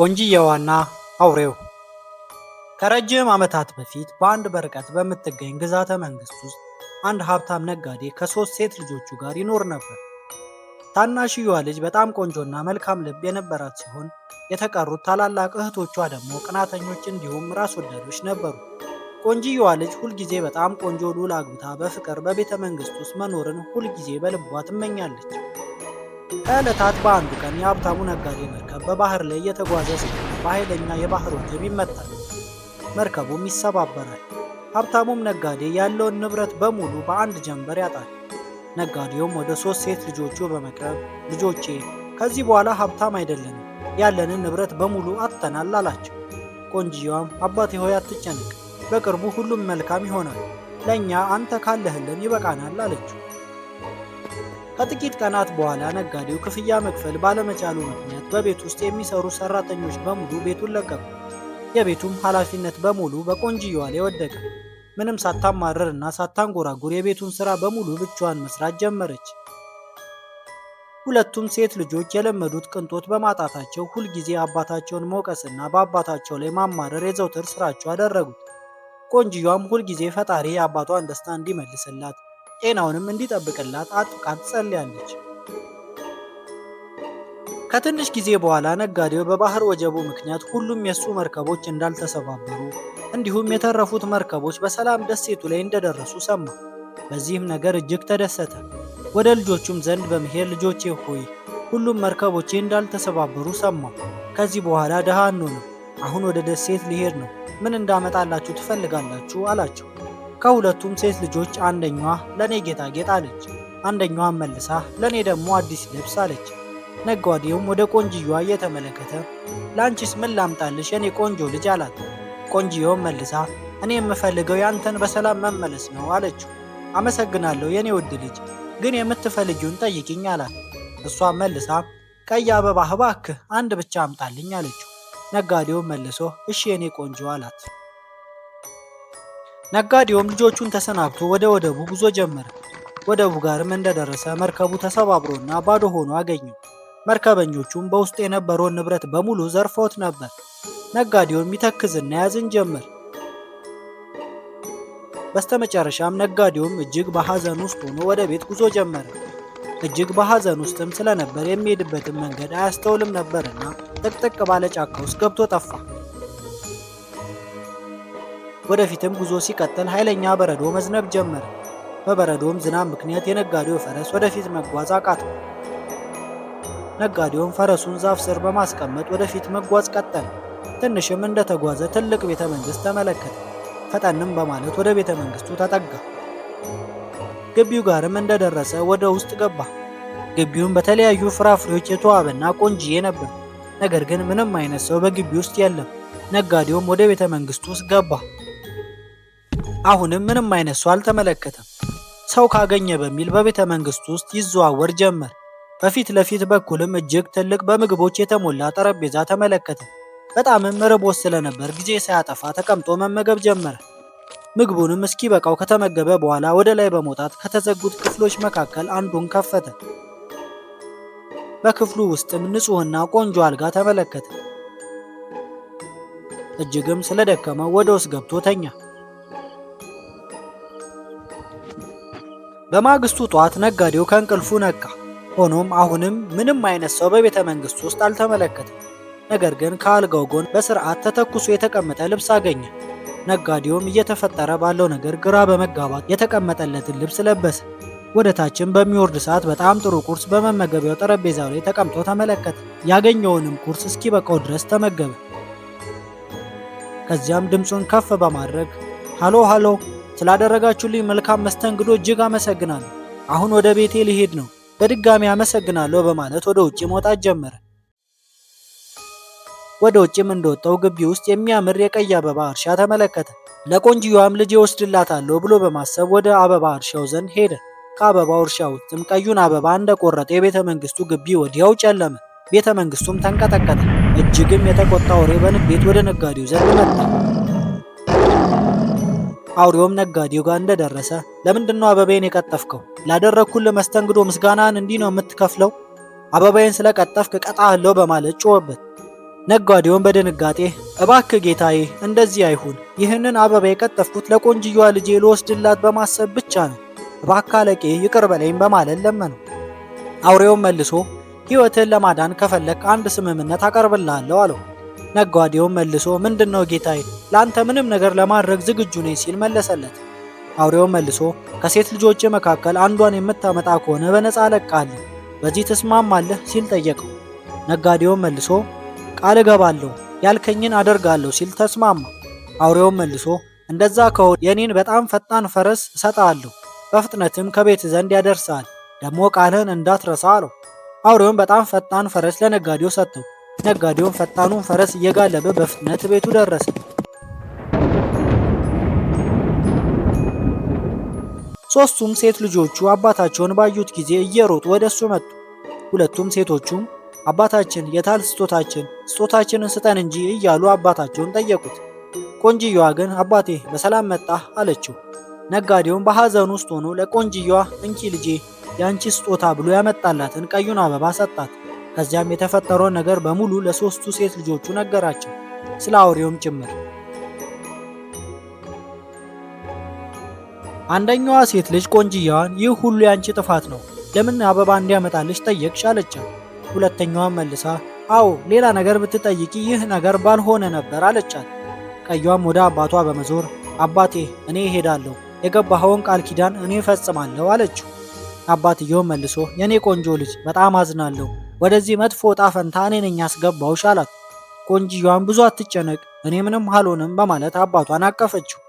ቆንጂየዋና አውሬው ከረጅም ዓመታት በፊት በአንድ በርቀት በምትገኝ ግዛተ መንግሥት ውስጥ አንድ ሀብታም ነጋዴ ከሶስት ሴት ልጆቹ ጋር ይኖር ነበር። ታናሽየዋ ልጅ በጣም ቆንጆና መልካም ልብ የነበራት ሲሆን የተቀሩት ታላላቅ እህቶቿ ደግሞ ቅናተኞች እንዲሁም ራስ ወዳዶች ነበሩ። ቆንጂየዋ ልጅ ሁልጊዜ በጣም ቆንጆ ሉል አግብታ በፍቅር በቤተ መንግሥት ውስጥ መኖርን ሁልጊዜ በልቧ ትመኛለች። ከዕለታት በአንዱ ቀን የሀብታሙ ነጋዴ መርከብ በባህር ላይ እየተጓዘ ሲሆን በኃይለኛ የባህር ወጀብ ይመታል። መርከቡም ይሰባበራል። ሀብታሙም ነጋዴ ያለውን ንብረት በሙሉ በአንድ ጀንበር ያጣል። ነጋዴውም ወደ ሶስት ሴት ልጆቹ በመቅረብ ልጆቼ ከዚህ በኋላ ሀብታም አይደለንም፣ ያለንን ንብረት በሙሉ አጥተናል አላቸው። ቆንጅየዋም አባቴ ሆይ አትጨነቅ፣ በቅርቡ ሁሉም መልካም ይሆናል፣ ለእኛ አንተ ካለህልን ይበቃናል አለችው። ከጥቂት ቀናት በኋላ ነጋዴው ክፍያ መክፈል ባለመቻሉ ምክንያት በቤት ውስጥ የሚሰሩ ሰራተኞች በሙሉ ቤቱን ለቀቁ። የቤቱም ኃላፊነት በሙሉ በቆንጅየዋ ላይ ወደቀ። ምንም ሳታማረር እና ሳታንጎራጉር የቤቱን ስራ በሙሉ ብቻዋን መስራት ጀመረች። ሁለቱም ሴት ልጆች የለመዱት ቅንጦት በማጣታቸው ሁልጊዜ አባታቸውን መውቀስና በአባታቸው ላይ ማማረር የዘውትር ስራቸው አደረጉት። ቆንጅየዋም ሁልጊዜ ፈጣሪ የአባቷን ደስታ እንዲመልስላት ጤናውንም እንዲጠብቅላት አጥብቃ ትጸልያለች። ከትንሽ ጊዜ በኋላ ነጋዴው በባህር ወጀቡ ምክንያት ሁሉም የእሱ መርከቦች እንዳልተሰባበሩ እንዲሁም የተረፉት መርከቦች በሰላም ደሴቱ ላይ እንደደረሱ ሰማ። በዚህም ነገር እጅግ ተደሰተ። ወደ ልጆቹም ዘንድ በመሄድ ልጆቼ ሆይ ሁሉም መርከቦቼ እንዳልተሰባበሩ ሰማሁ። ከዚህ በኋላ ድሃ አንሆንም። አሁን ወደ ደሴት ሊሄድ ነው። ምን እንዳመጣላችሁ ትፈልጋላችሁ? አላቸው። ከሁለቱም ሴት ልጆች አንደኛዋ ለእኔ ጌጣጌጥ አለች። አንደኛዋ መልሳ ለእኔ ደግሞ አዲስ ልብስ አለች። ነጋዴውም ወደ ቆንጅየዋ እየተመለከተ ለአንቺስ ምን ላምጣልሽ የኔ ቆንጆ ልጅ አላት። ቆንጅየውም መልሳ እኔ የምፈልገው ያንተን በሰላም መመለስ ነው አለችው። አመሰግናለሁ የኔ ውድ ልጅ፣ ግን የምትፈልጊውን ጠይቅኝ አላት። እሷም መልሳ ቀይ አበባ እባክህ አንድ ብቻ አምጣልኝ አለችው። ነጋዴውም መልሶ እሺ የኔ ቆንጆ አላት። ነጋዴውም ልጆቹን ተሰናብቶ ወደ ወደቡ ጉዞ ጀመረ። ወደቡ ጋርም እንደደረሰ መርከቡ ተሰባብሮና ባዶ ሆኖ አገኘው። መርከበኞቹም በውስጡ የነበረውን ንብረት በሙሉ ዘርፈውት ነበር። ነጋዴውም ይተክዝና ያዝን ጀመር። በስተመጨረሻም ነጋዴውም እጅግ በሐዘን ውስጥ ሆኖ ወደ ቤት ጉዞ ጀመረ። እጅግ በሐዘን ውስጥም ስለነበር የሚሄድበትን መንገድ አያስተውልም ነበርና ጥቅጥቅ ባለ ጫካ ውስጥ ገብቶ ጠፋ። ወደፊትም ጉዞ ሲቀጥል ኃይለኛ በረዶ መዝነብ ጀመረ። በበረዶም ዝናብ ምክንያት የነጋዴው ፈረስ ወደፊት መጓዝ አቃተው። ነጋዴውም ፈረሱን ዛፍ ስር በማስቀመጥ ወደፊት መጓዝ ቀጠለ። ትንሽም እንደተጓዘ ትልቅ ቤተ መንግሥት ተመለከተ። ፈጠንም በማለት ወደ ቤተ መንግሥቱ ተጠጋ። ግቢው ጋርም እንደደረሰ ወደ ውስጥ ገባ። ግቢውም በተለያዩ ፍራፍሬዎች የተዋበና ቆንጅዬ ነበር። ነገር ግን ምንም አይነት ሰው በግቢ ውስጥ የለም። ነጋዴውም ወደ ቤተ መንግሥቱ ውስጥ ገባ። አሁንም ምንም አይነት ሰው አልተመለከተም። ሰው ካገኘ በሚል በቤተ መንግስት ውስጥ ይዘዋወር ጀመር። በፊት ለፊት በኩልም እጅግ ትልቅ በምግቦች የተሞላ ጠረጴዛ ተመለከተ። በጣምም ርቦት ስለነበር ጊዜ ሳያጠፋ ተቀምጦ መመገብ ጀመረ። ምግቡንም እስኪበቃው ከተመገበ በኋላ ወደ ላይ በመውጣት ከተዘጉት ክፍሎች መካከል አንዱን ከፈተ። በክፍሉ ውስጥም ንጹህና ቆንጆ አልጋ ተመለከተ። እጅግም ስለደከመው ወደ ውስጥ ገብቶ ተኛ። በማግስቱ ጧት ነጋዴው ከእንቅልፉ ነቃ። ሆኖም አሁንም ምንም አይነት ሰው በቤተ መንግሥቱ ውስጥ አልተመለከተም። ነገር ግን ከአልጋው ጎን በስርዓት ተተኩሶ የተቀመጠ ልብስ አገኘ። ነጋዴውም እየተፈጠረ ባለው ነገር ግራ በመጋባት የተቀመጠለትን ልብስ ለበሰ። ወደ ታችም በሚወርድ ሰዓት በጣም ጥሩ ቁርስ በመመገቢያው ጠረጴዛው ላይ ተቀምጦ ተመለከተ። ያገኘውንም ቁርስ እስኪበቃው ድረስ ተመገበ። ከዚያም ድምፁን ከፍ በማድረግ ሃሎ ሃሎ ስላደረጋችሁልኝ መልካም መስተንግዶ እጅግ አመሰግናለሁ። አሁን ወደ ቤቴ ሊሄድ ነው። በድጋሚ አመሰግናለሁ በማለት ወደ ውጭ መውጣት ጀመረ። ወደ ውጭም እንደወጣው ግቢ ውስጥ የሚያምር የቀይ አበባ እርሻ ተመለከተ። ለቆንጅዮዋም ልጅ እወስድላታለሁ ብሎ በማሰብ ወደ አበባ እርሻው ዘንድ ሄደ። ከአበባው እርሻ ውስጥም ቀዩን አበባ እንደቆረጠ የቤተ መንግስቱ ግቢ ወዲያው ጨለመ። ቤተ መንግስቱም ተንቀጠቀጠ። እጅግም የተቆጣ ወሬ በንዴት ወደ ነጋዴው ዘንድ መጣ። አውሬውም ነጋዴው ጋር እንደደረሰ ለምንድነው አበባዬን የቀጠፍከው? ላደረግኩልህ መስተንግዶ ምስጋናን እንዲህ ነው የምትከፍለው? አበባዬን ስለቀጠፍክ እቀጣሃለሁ በማለት ጮኸበት። ነጋዴውም በድንጋጤ እባክህ ጌታዬ፣ እንደዚህ አይሁን። ይህንን አበባ የቀጠፍኩት ለቆንጅየዋ ልጄ ልወስድላት በማሰብ ብቻ ነው። እባክህ አለቄ ይቅር በለኝ በማለት ለመነው። አውሬውም መልሶ ሕይወትህን ለማዳን ከፈለክ አንድ ስምምነት አቀርብልሃለሁ አለው። ነጓዴው መልሶ ምንድን ነው ጌታዬ፣ ለአንተ ምንም ነገር ለማድረግ ዝግጁ ነኝ ሲል መለሰለት። አውሬው መልሶ ከሴት ልጆች መካከል አንዷን የምታመጣ ከሆነ በነፃ ለቃለ፣ በዚህ ትስማማለህ ሲል ጠየቀው። ነጋዴውም መልሶ ቃል እገባለሁ፣ ያልከኝን አደርጋለሁ ሲል ተስማማ። አውሬውም መልሶ እንደዛ ከሆነ የኔን በጣም ፈጣን ፈረስ እሰጣለሁ በፍጥነትም ከቤት ዘንድ ያደርሳል፣ ደግሞ ቃልህን እንዳትረሳ አለው። አውሬውም በጣም ፈጣን ፈረስ ለነጋዴው ሰጥተው ነጋዴውም ፈጣኑን ፈረስ እየጋለበ በፍጥነት ቤቱ ደረሰ። ሦስቱም ሴት ልጆቹ አባታቸውን ባዩት ጊዜ እየሮጡ ወደ እሱ መጡ። ሁለቱም ሴቶቹም አባታችን የታል ስጦታችን? ስጦታችንን ስጠን እንጂ እያሉ አባታቸውን ጠየቁት። ቆንጅየዋ ግን አባቴ በሰላም መጣህ አለችው። ነጋዴውም በሐዘን ውስጥ ሆኖ ለቆንጅየዋ እንኪ ልጄ የአንቺ ስጦታ ብሎ ያመጣላትን ቀዩን አበባ ሰጣት። ከዚያም የተፈጠረው ነገር በሙሉ ለሶስቱ ሴት ልጆቹ ነገራቸው፣ ስለ አውሬውም ጭምር። አንደኛዋ ሴት ልጅ ቆንጅያዋን ይህ ሁሉ ያንቺ ጥፋት ነው፣ ለምን አበባ እንዲያመጣልሽ ጠየቅሽ? አለቻት። ሁለተኛዋን መልሳ አዎ ሌላ ነገር ብትጠይቂ ይህ ነገር ባልሆነ ነበር አለቻት። ቀዩም ወደ አባቷ በመዞር አባቴ እኔ እሄዳለሁ፣ የገባኸውን ቃል ኪዳን እኔ እፈጽማለሁ አለችው። አባትየው መልሶ የእኔ ቆንጆ ልጅ በጣም አዝናለሁ ወደዚህ መጥፎ ዕጣ ፈንታ እኔ ነኝ ያስገባውሽ አላት። ቆንጅዬዋን ብዙ አትጨነቅ፣ እኔ ምንም አልሆንም በማለት አባቷን አቀፈችው።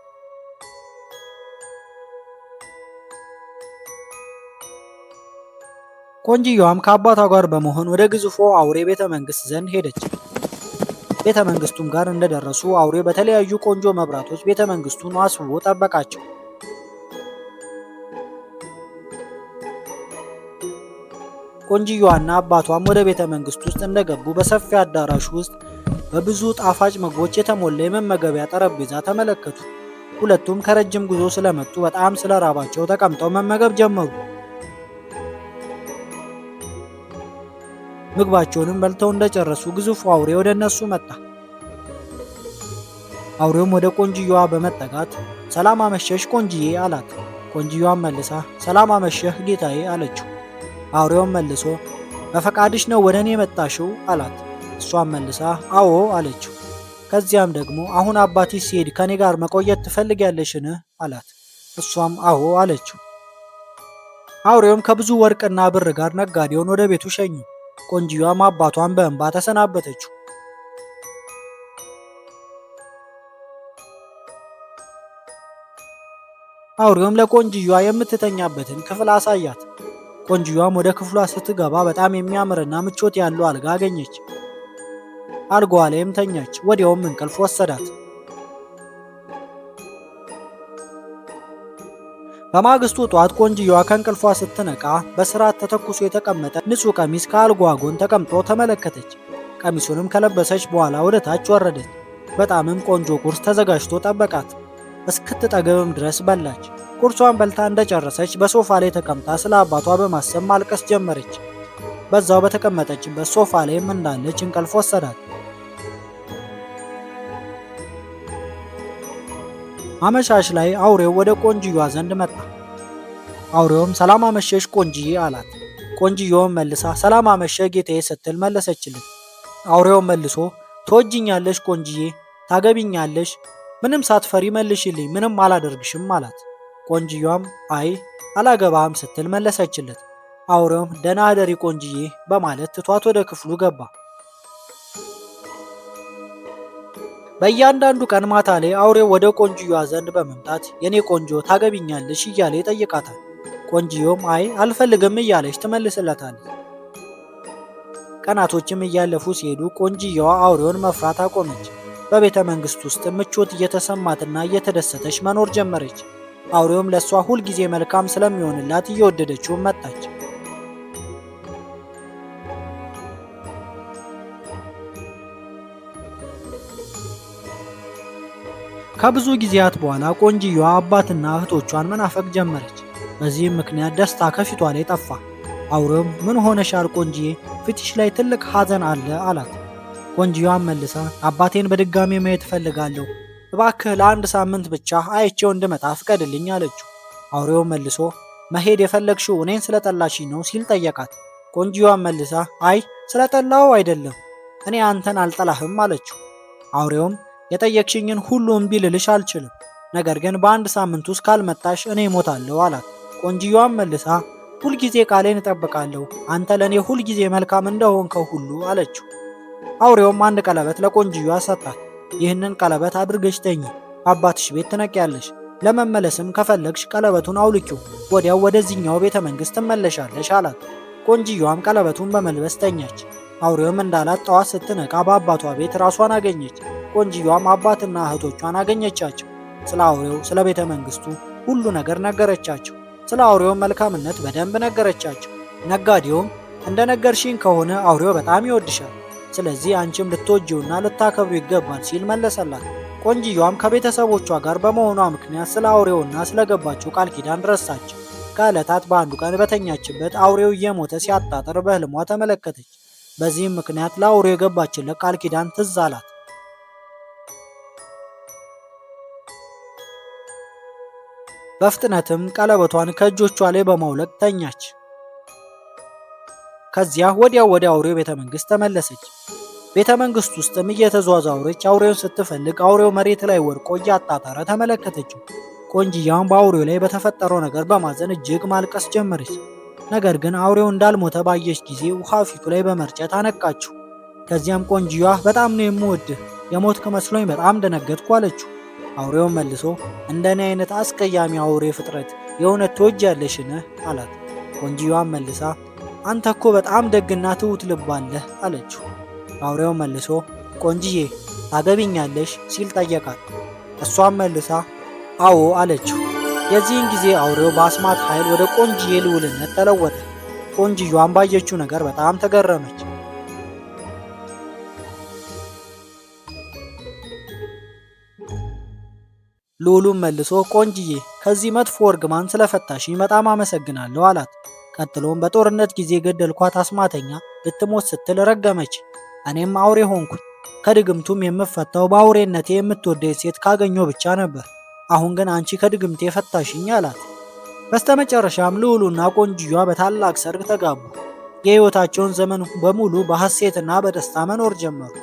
ቆንጅዬዋም ከአባቷ ጋር በመሆን ወደ ግዙፎ አውሬ ቤተ መንግስት ዘንድ ሄደች። ቤተ መንግስቱም ጋር እንደደረሱ አውሬ በተለያዩ ቆንጆ መብራቶች ቤተ መንግስቱን አስውቦ ጠበቃቸው። ቆንጅየዋና አባቷም ወደ ቤተ መንግስት ውስጥ እንደገቡ በሰፊ አዳራሽ ውስጥ በብዙ ጣፋጭ ምግቦች የተሞላ የመመገቢያ ጠረጴዛ ተመለከቱ። ሁለቱም ከረጅም ጉዞ ስለመጡ በጣም ስለራባቸው ተቀምጠው መመገብ ጀመሩ። ምግባቸውንም በልተው እንደጨረሱ ግዙፉ አውሬ ወደ እነሱ መጣ። አውሬውም ወደ ቆንጅየዋ በመጠጋት ሰላም አመሸሽ ቆንጅዬ አላት። ቆንጅየዋን መልሳ ሰላም አመሸህ ጌታዬ አለችው። አውሬውን መልሶ በፈቃድሽ ነው ወደ እኔ የመጣሽው አላት። እሷም መልሳ አዎ አለችው። ከዚያም ደግሞ አሁን አባቲ ሲሄድ ከእኔ ጋር መቆየት ትፈልጊያለሽን? አላት። እሷም አዎ አለችው። አውሬውም ከብዙ ወርቅና ብር ጋር ነጋዴውን ወደ ቤቱ ሸኙ። ቆንጅያም አባቷን በእንባ ተሰናበተችው። አውሬውም ለቆንጅያ የምትተኛበትን ክፍል አሳያት። ቆንጅዬዋም ወደ ክፍሏ ስትገባ በጣም የሚያምርና ምቾት ያለው አልጋ አገኘች። አልጋዋ ላይም ተኛች። ወዲያውም እንቅልፍ ወሰዳት። በማግስቱ ጧት ቆንጅየዋ ከእንቅልፏ ስትነቃ በስርዓት ተተኩሶ የተቀመጠ ንጹህ ቀሚስ ከአልጋዋ ጎን ተቀምጦ ተመለከተች። ቀሚሱንም ከለበሰች በኋላ ወደ ታች ወረደች። በጣምም ቆንጆ ቁርስ ተዘጋጅቶ ጠበቃት። እስክትጠገብም ድረስ በላች። ቁርሷን በልታ እንደጨረሰች በሶፋ ላይ ተቀምጣ ስለ አባቷ በማሰብ ማልቀስ ጀመረች። በዛው በተቀመጠችበት ሶፋ ላይም እንዳለች እንቅልፍ ወሰዳት። አመሻሽ ላይ አውሬው ወደ ቆንጅዮዋ ዘንድ መጣ። አውሬውም ሰላም አመሸሽ ቆንጅዬ አላት። ቆንጅዮም መልሳ ሰላም አመሸ ጌታዬ ስትል መለሰችልኝ። አውሬው መልሶ ትወጅኛለሽ ቆንጅዬ፣ ታገቢኛለሽ፣ ምንም ሳትፈሪ መልሽልኝ፣ ምንም አላደርግሽም አላት። ቆንጅዮም አይ አላገባህም ስትል መለሰችለት። አውሬውም ደህና አደሪ ቆንጅዬ በማለት ትቷት ወደ ክፍሉ ገባ። በእያንዳንዱ ቀን ማታ ላይ አውሬው ወደ ቆንጅዮዋ ዘንድ በመምጣት የኔ ቆንጆ ታገቢኛለሽ እያለ ይጠይቃታል። ቆንጅዮም አይ አልፈልግም እያለች ትመልስለታለች። ቀናቶችም እያለፉ ሲሄዱ ቆንጅየዋ አውሬውን መፍራት አቆመች። በቤተ መንግሥት ውስጥ ምቾት እየተሰማትና እየተደሰተች መኖር ጀመረች። አውሬውም ለእሷ ሁልጊዜ መልካም ስለሚሆንላት እየወደደችውም መጣች። ከብዙ ጊዜያት በኋላ ቆንጅየዋ አባትና እህቶቿን መናፈቅ ጀመረች። በዚህም ምክንያት ደስታ ከፊቷ ላይ ጠፋ። አውሬውም ምን ሆነሻል ቆንጅዬ፣ ፊትሽ ላይ ትልቅ ሐዘን አለ አላት። ቆንጅየዋን መልሳ አባቴን በድጋሚ ማየት እፈልጋለሁ እባክህ ለአንድ ሳምንት ብቻ አይቼው እንድመጣ ፍቀድልኝ አለችው። አውሬው መልሶ መሄድ የፈለግሽው እኔን ስለጠላሽኝ ነው ሲል ጠየቃት። ቆንጂዋን መልሳ አይ ስለጠላው አይደለም እኔ አንተን አልጠላህም አለችው። አውሬውም የጠየቅሽኝን ሁሉ እምቢ ልልሽ አልችልም፣ ነገር ግን በአንድ ሳምንት ውስጥ ካልመጣሽ እኔ እሞታለሁ አላት። ቆንጂዋን መልሳ ሁልጊዜ ቃሌን እጠብቃለሁ፣ አንተ ለእኔ ሁልጊዜ መልካም እንደሆንከው ሁሉ አለችው። አውሬውም አንድ ቀለበት ለቆንጂዋ ሰጣት። ይህንን ቀለበት አድርገሽ ተኚ፣ አባትሽ ቤት ትነቂያለሽ። ለመመለስም ከፈለግሽ ቀለበቱን አውልኪው፣ ወዲያው ወደዚህኛው ቤተ መንግሥት ትመለሻለሽ አላት። ቆንጅየዋም ቀለበቱን በመልበስ ተኛች። አውሬውም እንዳላት ጠዋት ስትነቃ በአባቷ ቤት ራሷን አገኘች። ቆንጅየዋም አባትና እህቶቿን አገኘቻቸው። ስለ አውሬው፣ ስለ ቤተ መንግሥቱ ሁሉ ነገር ነገረቻቸው። ስለ አውሬው መልካምነት በደንብ ነገረቻቸው። ነጋዴውም እንደ ነገርሽኝ ከሆነ አውሬው በጣም ይወድሻል ስለዚህ አንቺም ልትወጂውና ልታከብሩ ይገባል ሲል መለሰላት። ቆንጅየዋም ከቤተሰቦቿ ጋር በመሆኗ ምክንያት ስለ አውሬውና ስለገባችው ቃል ኪዳን ረሳች። ከዕለታት በአንዱ ቀን በተኛችበት አውሬው እየሞተ ሲያጣጥር በህልሟ ተመለከተች። በዚህም ምክንያት ለአውሬው የገባችለት ቃል ኪዳን ትዝ አላት። በፍጥነትም ቀለበቷን ከእጆቿ ላይ በማውለቅ ተኛች። ከዚያ ወዲያው ወደ አውሬው ቤተ መንግስት ተመለሰች። ቤተ መንግስት ውስጥም እየተዟዟረች አውሬውን ስትፈልግ አውሬው መሬት ላይ ወድቆ እያጣጣረ ተመለከተችው። ቆንጅያም በአውሬው ላይ በተፈጠረው ነገር በማዘን እጅግ ማልቀስ ጀመረች። ነገር ግን አውሬው እንዳልሞተ ባየች ጊዜ ውሃ ፊቱ ላይ በመርጨት አነቃችው። ከዚያም ቆንጅያ በጣም ነው የምወድህ፣ የሞትክ መስሎኝ በጣም ደነገጥኩ አለችው። አውሬውን መልሶ እንደኔ አይነት አስቀያሚ አውሬ ፍጥረት የእውነት ትወጃለሽን? አላት። ቆንጅያም መልሳ አንተ እኮ በጣም ደግና ትሁት ልባለህ አለችው። አውሬው መልሶ ቆንጅዬ ታገቢኛለሽ ሲል ጠየቃት። እሷም መልሳ አዎ አለችው። የዚህን ጊዜ አውሬው በአስማት ኃይል ወደ ቆንጅዬ ልውልነት ተለወጠ። ቆንጅዬዋን ባየችው ነገር በጣም ተገረመች። ልዑሉም መልሶ ቆንጅዬ ከዚህ መጥፎ እርግማን ስለፈታሽኝ በጣም አመሰግናለሁ አላት። ቀጥሎም በጦርነት ጊዜ ገደልኳት አስማተኛ ልትሞት ስትል ረገመች። እኔም አውሬ ሆንኩኝ። ከድግምቱም የምፈታው በአውሬነቴ የምትወደኝ ሴት ካገኘ ብቻ ነበር። አሁን ግን አንቺ ከድግምቴ ፈታሽኝ አላት። በስተመጨረሻም ልዑሉና ቆንጅያ በታላቅ ሰርግ ተጋቡ። የሕይወታቸውን ዘመን በሙሉ በሐሴትና በደስታ መኖር ጀመሩ።